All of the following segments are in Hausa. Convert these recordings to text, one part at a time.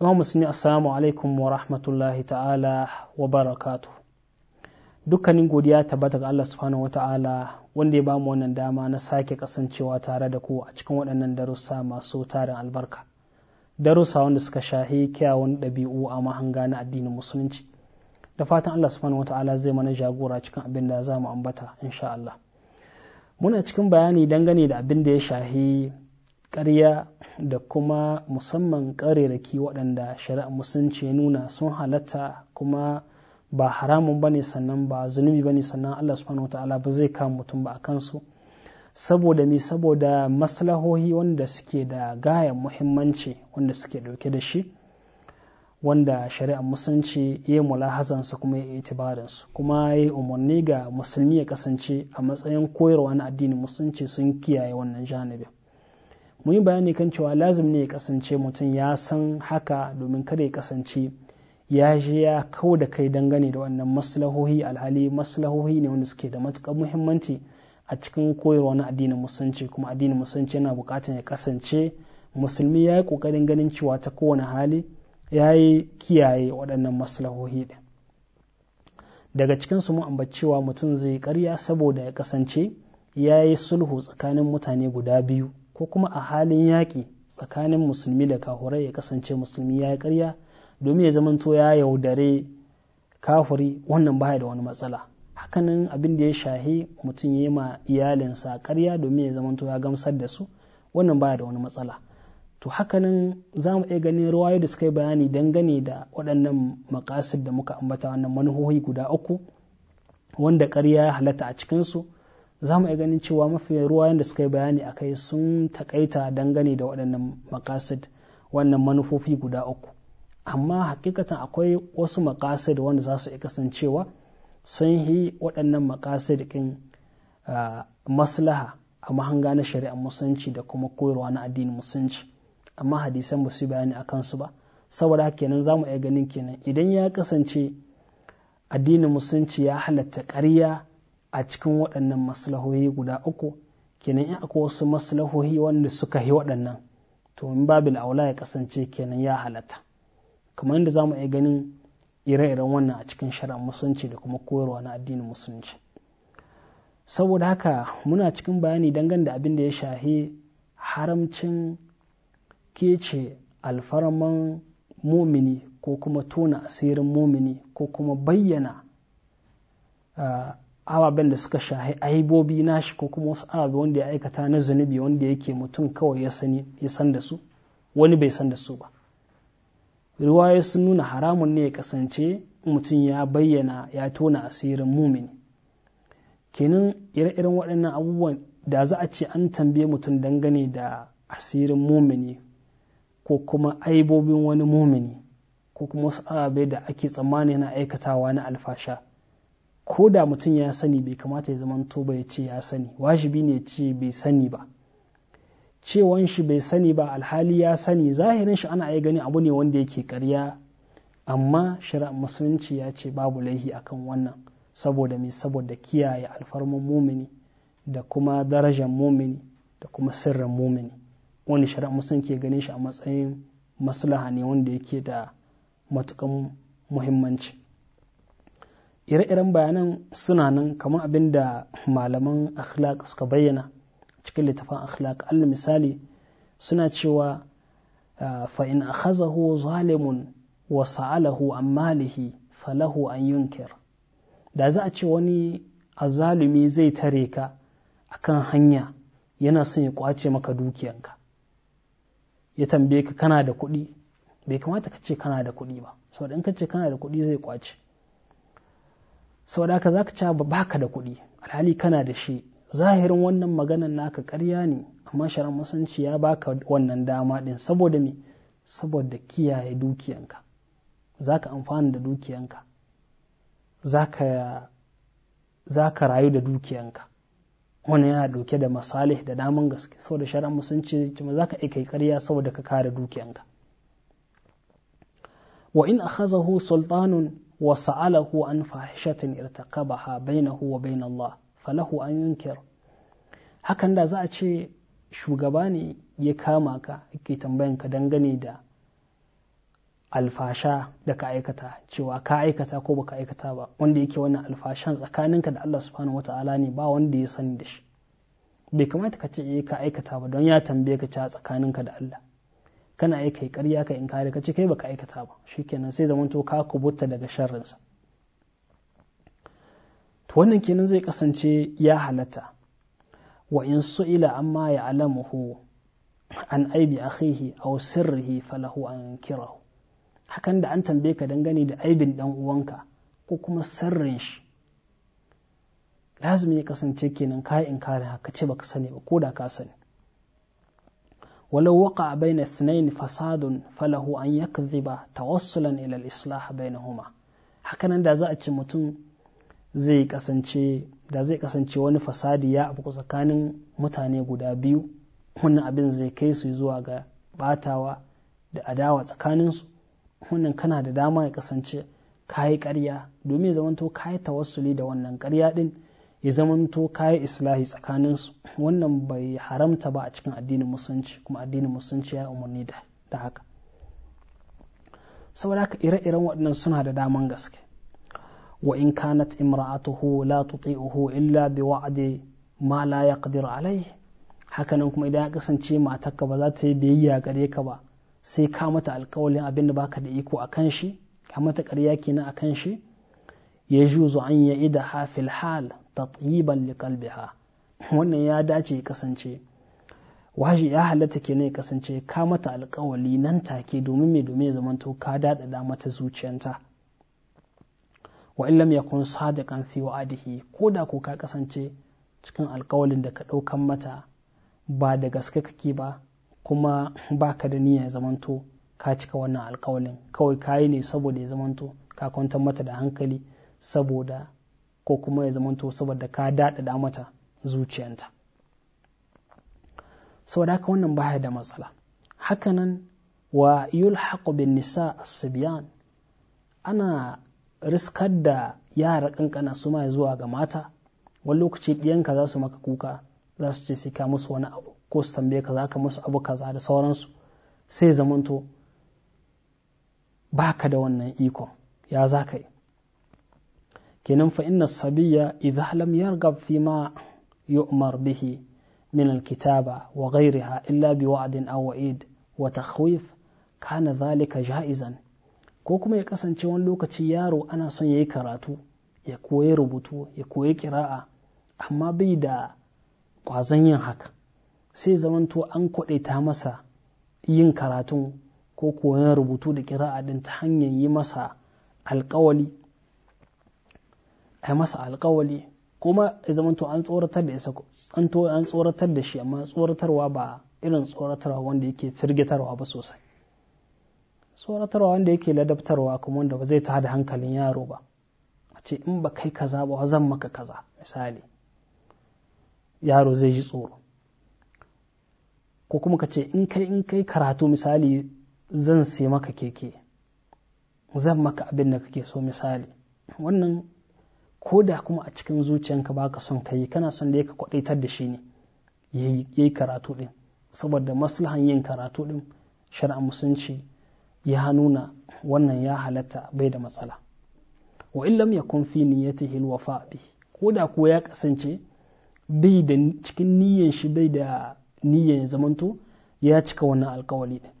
Imam musulmi assalamu alaikum wa rahmatullahi ta'ala wa barakatu dukkanin godiya tabbata ga Allah subhanahu wa ta'ala wanda ya bamu wannan dama na sake kasancewa tare da ku a cikin waɗannan darussa masu tarin albarka darussa wanda suka shahi kyawun ɗabi'u a mahanga na addinin musulunci da fatan Allah subhanahu wa ta'ala zai mana jagora cikin abin da za mu ambata insha Allah muna cikin bayani dangane da abin da ya shahi ƙarya da kuma musamman ƙarerake waɗanda shari'a musulunci ya nuna sun halatta kuma ba haramun ba ne sannan ba zunubi ne sannan Allah subhanahu wataala ba zai kama mutum ba a kansu saboda me saboda maslahohi wanda suke da gayan muhimmanci wanda suke ɗauke da shi wanda shari'a musulunci ya yi su kuma ya yi kuma ya yi umarni ga musulmi ya kasance a matsayin koyarwa na addinin musulunci sun kiyaye wannan janibin mun yi bayani kan cewa lazim ne ya kasance mutum ya san haka domin kada ya kasance ya je ya kau da kai dangane da wannan maslahohi alhali maslahohi ne wanda suke da matukar muhimmanci a cikin koyarwa na addinin musulunci kuma addinin musulunci yana bukatar ya kasance musulmi ya yi kokarin ganin cewa ta kowane hali ya yi kiyaye waɗannan maslahohi ɗin daga cikin su mu mutum zai karya saboda ya kasance ya yi sulhu tsakanin mutane guda biyu ko kuma a halin yaƙi tsakanin musulmi da kahurai ya kasance musulmi ya yi ƙarya domin ya zamanto ya yaudare kafuri wannan baya da wani matsala hakanan abin da ya shahi mutum ya yi ma iyalinsa karya domin ya zamanto ya gamsar da su wannan baya da wani matsala to hakanan za mu iya ganin ruwayo da suka yi bayani dangane da waɗannan makasid da muka ambata wannan manuhohi guda uku wanda ƙarya ya halatta a cikinsu za mu iya ganin cewa mafi ruwayen da suka yi bayani a kai sun takaita dangane da waɗannan makasid wannan manufofi guda uku amma hakikatan akwai wasu makasid wanda za su iya kasancewa sun yi waɗannan makasid ɗin maslaha a mahanga na shari'ar musulunci da kuma koyarwa na addinin musulunci amma hadisan ba su bayani a kansu ba saboda kenan za mu iya ganin kenan idan ya kasance addinin musulunci ya halatta ƙarya a cikin waɗannan maslahohi guda uku kenan in akwai wasu maslahohi wanda suka yi waɗannan to in babil aula ya kasance kenan ya halatta kamar yadda zamu iya ganin ire-iren wannan a cikin shari'ar musulunci da kuma koyarwa na addinin musulunci saboda haka muna cikin bayani dangane da abin da ya shahi haramcin kece alfarman mumini ko kuma tona asirin mumini ko kuma bayyana ah, ababen da suka shahi aibobi nashi ko kuma wasu ababe wanda ya aikata na zunubi wanda yake mutum kawai ya san da su wani bai san da su ba riwaya sun nuna haramun ne ya kasance mutum ya bayyana ya tona asirin mumini kenan ire-iren waɗannan abubuwan da za a ce an tambaye mutum dangane da asirin mumini ko kuma aibobin wani mumini ko kuma wasu ababe da ake tsammani na aikatawa na alfasha ko da mutum ya sani bai kamata ya zama to bai ce ya sani wajibi ne ce bai sani ba cewan shi bai sani ba alhali ya sani zahirin shi ana iya gani abu ne wanda yake karya amma shari'ar musulunci ya ce babu laihi akan wannan saboda me saboda kiyaye alfarman mumini da kuma darajar mumini da kuma sirrin mumini wani shari'ar musulunci ke ganin shi a matsayin maslaha ne wanda yake da matukan muhimmanci ire-iren bayanan suna nan kamar abin da malaman akhlaq suka bayyana cikin littafin akhlaq allah misali suna cewa ah, fa'in akhazahu zalimun wa sa'alahu an malihi falahu an yunkir da za a ce wani azalumi zai tare ka akan hanya yana son ya kwace maka dukiyanka ya tambaye ka kana da kuɗi bai kamata ka ce kana da kuɗi ba saboda in ka ce kana da kuɗi zai kwace saboda haka zaka ci ba ka da kuɗi alhali kana da shi zahirin wannan maganan naka karya ne amma sharar musanci ya baka wannan dama din saboda me saboda kiyaye dukiyanka zaka amfana da dukiyanka zaka zaka rayu da dukiyanka wannan yana dauke da masalih da daman gaske saboda shara musanci kuma zaka aika karya saboda ka kare dukiyanka wa in akhazahu sultanun وسأله عن فاحشة ارتكبها بينه وبين الله فله أن ينكر hakan da za a ce shugaba ne ya kama ka ke tambayan ka dangane da alfasha da ka aikata cewa ka aikata ko baka aikata ba wanda yake wannan alfashan tsakaninka da Allah subhanahu wata'ala ne ba wanda ya sani da shi bai kamata ka ce ka aikata ba don ya tambaye ka cewa tsakaninka da Allah kana yi kai ƙarya ka in kare ka ce kai baka aikata ba shi kenan sai zamanto ka kubuta daga sharrinsa to wannan kenan zai kasance ya halatta wa in su'ila amma ya alamuhu an aibi akhihi aw sirrihi falahu an kirahu hakan da an tambaye ka dangane da aibin dan uwanka ko kuma sirrin shi lazumi ya kasance kenan ka in kare haka ce baka sani ba ko da ka sani a ولو وقع بين اثنين فساد فله أن يكذب توصلا إلى الإصلاح بينهما hakanan da za a ce mutum da zai kasance wani fasadi ya abu tsakanin mutane guda biyu wannan abin zai kai su zuwa ga batawa da adawa tsakaninsu wannan kana da dama ya kasance ka yi ƙarya domin ya zamanto ka yi tawassuli da wannan ƙarya ɗin ya zamanto kayan islahi tsakanin su wannan bai haramta ba a cikin addinin musulunci kuma addinin musulunci ya umarni da haka saboda haka ire-iren waɗannan suna da daman gaske wa in kanat imra'atuhu la tuti'uhu illa bi wa'di ma la yaqdiru alayhi hakanan kuma idan ya kasance matarka ba za ta yi biyayya gare ka ba sai ka mata alkawalin abin da baka da iko akan shi ka mata ƙarya kenan akan shi yajuzu an ya hafil hal tatyiban li kalbiha wannan ya dace kasance washi ya halatta ke ya kasance ka mata alkawali nan take domin me domin ya zamanto ka da mata zuciyanta wa illam yakun sadiqan fi wa'adihi ko da ko ka kasance cikin alkawalin da ka ɗaukan mata ba da gaske kake ba kuma baka da niyya ya zamanto ka cika wannan alkawalin kawai kayi ne saboda ya zamanto ka kwantar mata da hankali saboda ko kuma ya zamanto saboda ka daɗaɗa mata zuciyanta saboda haka wannan baya da matsala hakanan wa yulhaqu bin nisa as ana riskar da yara kankana su ma zuwa ga mata wani lokaci ɗiyanka za su maka kuka za su ce sai musu wani abu ko su tambaye ka za ka musu abu kaza da sauransu sai zamanto ba ka da wannan ikon ya za ka yi kenan fa inna sabiyya idha lam yarghab fi ma yu'mar bihi min alkitaba wa ghayriha illa bi wa'din aw wa'id wa takhwif kana zalika ja'izan ko kuma ya kasance wani lokaci yaro ana son yayi karatu ya koyi rubutu ya koyi kira'a amma bai da kwazon yin haka sai zamanto an kwaɗaita masa yin karatun ko koyon rubutu da kira'a din ta hanyar yi masa alkawali a masa alkawali kuma ya zamanto an tsoratar da ya an tsoratar da shi amma tsoratarwa ba irin tsoratarwa wanda yake firgitarwa ba sosai tsoratarwa wanda yake ladabtarwa kuma wanda ba zai ta da hankalin yaro ba a ce in ba kai kaza ba zan maka kaza misali yaro zai ji tsoro ko kuma ka ce in kai in kai karatu misali zan sai maka keke zan maka abin da kake so misali wannan ko da kuma a cikin zuciyanka ba ka son ka yi kana son da ya ka kwadaitar da shi ne ya yi karatu ɗin saboda maslahan yin karatu ɗin shari'a musulunci ya nuna wannan ya halatta bai da matsala wa illam kun fi niyyatihi alwafa bi ko da kuwa ya kasance bai da cikin niyyan shi bai da niyyan zamanto ya cika wannan alkawali ɗin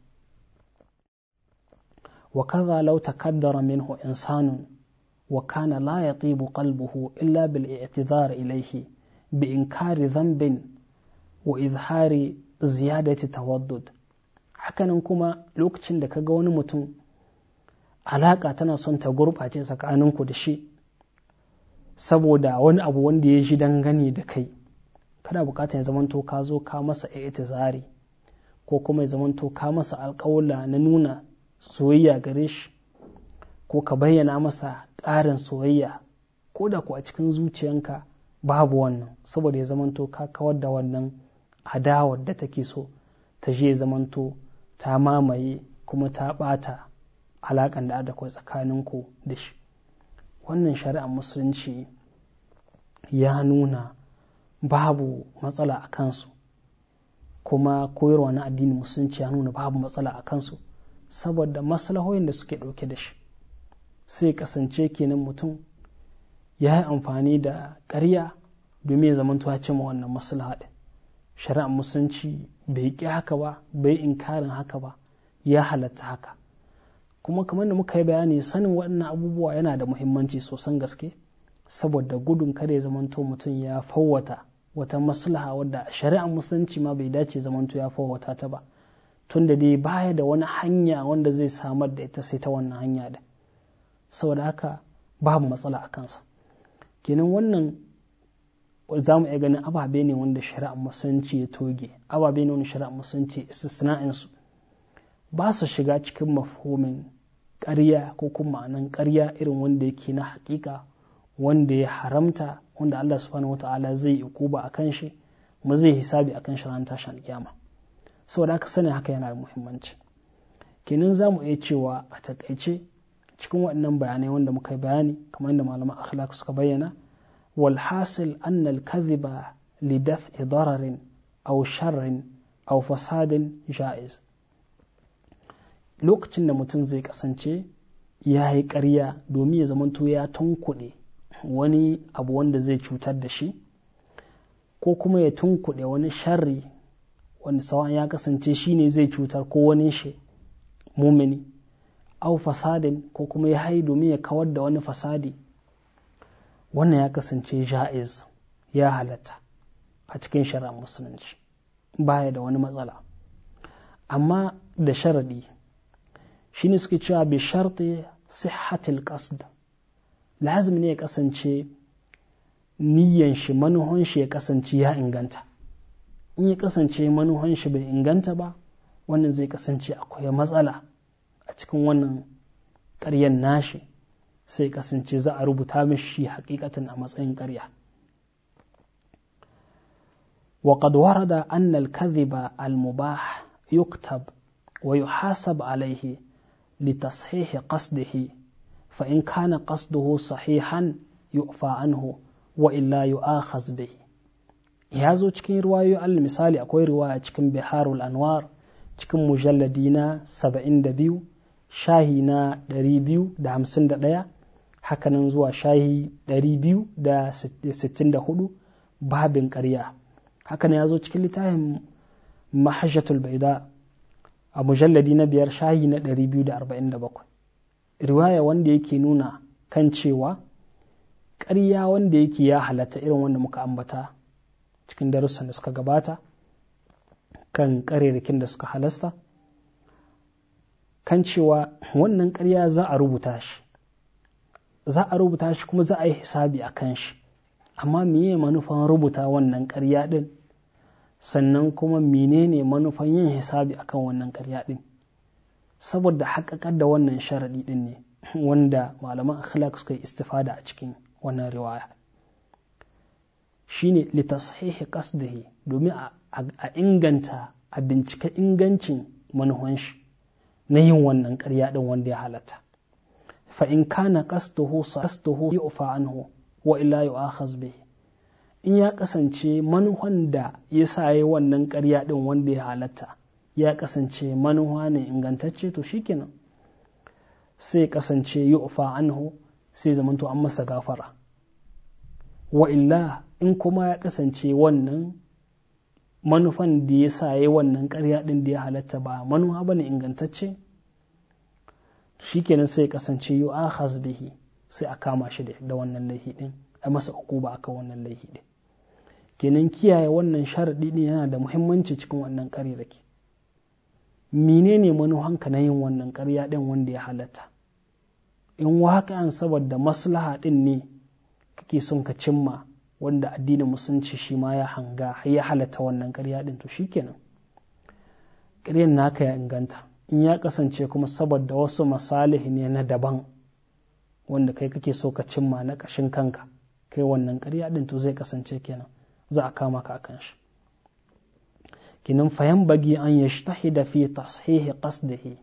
wa kaza law takaddara minhu insanun وكان illa bil قلبه ilaihi bi inkari zambin wa izhari زيادة تودد hakanan kuma lokacin da ka ga wani mutum alaƙa tana son ta gurɓace tsakaninku da shi saboda wani abu wanda ya ji dangane da kai kana bukatar ya zamanto ka zo ka masa itizari ko kuma ya zamanto ka masa alƙawla na nuna soyayya gare shi ko ka bayyana masa ƙarin soyayya ko da ku a cikin zuciyanka babu wannan saboda ya zamanto ka kawar da wannan adawar da take so ta je zamanto ta mamaye kuma ta ɓata alaƙan da adakwai tsakaninku da shi wannan shari'ar musulunci ya nuna babu matsala a kansu kuma koyarwa na addinin musulunci ya nuna babu matsala a kansu saboda maslahoyin da suke ɗauke da shi sai kasance kenan mutum ya yi amfani da ƙarya domin ya zamanto ya cima wannan maslaha ɗin shari'ar musulunci bai ƙi haka ba bai inkarin haka ba ya halatta haka kuma kamar da muka yi bayani sanin waɗannan abubuwa yana da muhimmanci sosan gaske saboda gudun kada ya zamanto mutum ya fawwata wata maslaha wadda shari'ar musulunci ma bai dace zamanto ya fawwata ta ba tunda dai baya da wani hanya wanda zai samar da ita sai ta wannan hanya da saboda haka babu matsala a kansa kenan wannan za mu iya ganin ababe ne wanda shari'ar musulunci ya toge ababe ne wanda shari'ar musulunci istisna'insu ba su shiga cikin mafhumin karya ko kuma ma'anan karya irin wanda yake na hakika wanda ya haramta wanda Allah subhanahu wata'ala zai ikuba a kan shi kuma zai hisabi a kan shi ranar tashin alkiyama saboda haka sanin haka yana da muhimmanci kenan za mu iya cewa a takaice cikin waɗannan bayanai wanda muka yi bayani kamar yadda malaman akhlaq suka bayyana wal hasil anna al kadhiba li daf'i dararin aw sharrin aw fasadin ja'iz lokacin da mutum zai kasance ya yi ƙarya domin ya zamanto ya tunkuɗe wani abu wanda zai cutar da shi ko kuma ya tunkuɗe wani sharri wani sawan ya kasance shi ne zai cutar ko wani shi mumini au fasadin ko kuma ya haidu domin ya kawar da wani fasadi wannan ya kasance ja'iz ya halatta a cikin shari'ar musulunci baya da wani matsala amma da sharaɗi shine suke cewa bi sharti sihhatil qasd lazim ne ya kasance niyyan shi manuhon shi ya kasance ya inganta in ya kasance manuhon shi bai inganta ba wannan zai kasance akwai matsala a cikin wannan ƙaryan nashi sai kasance za a rubuta mashi hakikatin a matsayin ƙarya وقد ورد أن الكذب المباح يكتب ويحاسب عليه لتصحيح قصده فإن كان قصده صحيحا يؤفى عنه وإلا يؤاخذ به ya zo cikin riwayoyi al misali akwai riwaya cikin biharul anwar cikin mujalladi da biyu. shahi na 251 hakanan zuwa shahi 264 babin ƙarya hakanan ya zo cikin littafin mahajjatul baida a mujalladi na biyar shahi na 247 riwaya wanda yake nuna kan cewa ƙarya wanda yake ya halatta irin wanda muka ambata cikin darussan da suka gabata kan ƙarerrakin da suka halasta kan cewa wannan ƙarya za a rubuta shi za a rubuta shi kuma za a yi hisabi a kan shi amma meye manufan rubuta wannan ƙarya ɗin sannan kuma menene manufan yin hisabi akan wannan ƙarya ɗin saboda haƙaƙar da wannan sharaɗi ɗin ne wanda malaman akhlaq suka yi istifada a cikin wannan riwaya shine li tashihi qasdihi domin a inganta a bincika ingancin manuhan shi na yin wannan ƙarya ɗin wanda ya halatta fa in kana qastuhu yi yu'fa anhu wa illa yu'akhaz bihi in ya kasance manuhan da ya saye wannan ƙarya ɗin wanda ya halatta ya kasance manuha ne ingantacce to shikenan sai kasance yu'fa anhu sai zamanto an masa gafara wa illa in kuma ya kasance wannan manufan da ya sa ya wannan karya ɗin da ya halatta ba manufa ba ne ingantacce shi kenan sai kasance yi a hasbihi sai a kama shi da wannan laifi ɗin a masa uku ba aka wannan laifi ɗin kenan kiyaye wannan sharaɗi ɗin yana da muhimmanci cikin wannan da ne menene manufanka na yin wannan ƙarya ɗin wanda ya halatta in an saboda maslaha ɗin ne kake son ka cimma wanda addinin musulunci shi ma ya hanga ya halatta wannan ƙarya ɗin to shikenan ƙaryan naka ya inganta in ya kasance kuma saboda wasu masalihi ne na daban wanda kai kake so ka cimma na ƙashin kanka kai wannan karya ɗin to zai kasance kenan za a kama ka akan shi Kinan fayan bagi an ya da fi tashihi qasdihi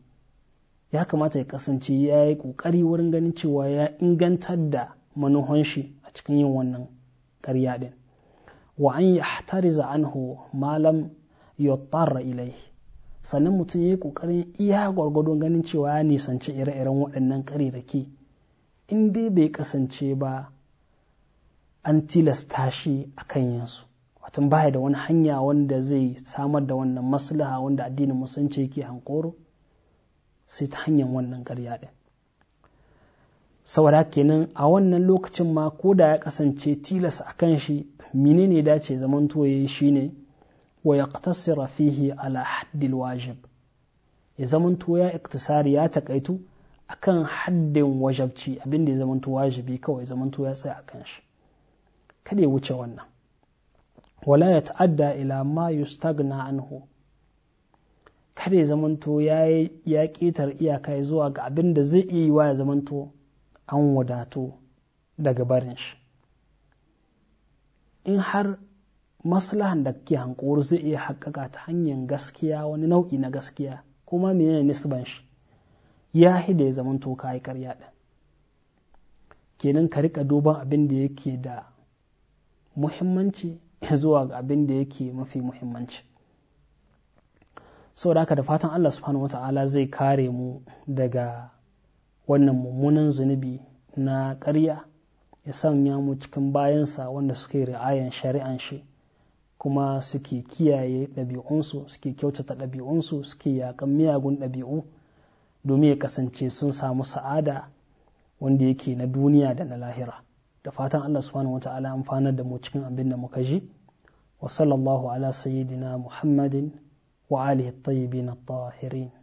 ya kamata ya kasance ya yi ƙoƙari wurin ganin cewa ya ingantar da manuhan shi a cikin yin wannan ƙarya ɗin wa an an ho malam yuttarra ilai sannan mutum ya yi ƙoƙarin iya gwargwadon ganin cewa ya nisanci ire-iren waɗannan ƙarirraki in dai bai kasance ba an tilasta shi a kan yinsu watan baya da wani hanya wanda zai samar da wannan maslaha wanda addinin musulunci yake hankoro sai ta hanyar wannan ƙarya ɗin saboda kenan a wannan lokacin ma ko da ya kasance tilas a kan shi menene dace zamanto ya yi shine wa ya ƙatassira fihi ala haddil wajib ya zamanto ya iktisari ya takaitu akan haddin wajabci abinda ya ya to wajibi kawai zamanto ya tsaya kan shi kada ya wuce wannan wala ya ta'adda ila ma yustagna anhu kada ya zamanto ya ya ketar iyaka zuwa ga abinda zai iya yi wa ya zamanto an wadatu daga barin shi in har maslahan da ke hankuwar zai iya haƙaƙa ta hanyar gaskiya wani nau'i na gaskiya kuma menene nisban shi ya hida ya zamanto ka yi karya ɗin kenan ka rika duban abin da yake da muhimmanci zuwa ga abin da yake mafi muhimmanci saboda haka da fatan Allah subhanahu ta'ala zai kare mu daga wannan mummunan zunubi na karya ya sanya mu cikin bayansa wanda suke ri'ayan shari'an shi kuma suke kiyaye ɗabi'unsu suke kyautata ɗabi'unsu suke yaƙan miyagun ɗabi'u domin ya kasance sun samu sa'ada wanda yake na duniya da na lahira da fatan Allah subhanahu wata'ala amfanar da mu cikin abin da muka ji wa sallallahu ala sayyidina muhammadin wa alihi tayyibin tahirin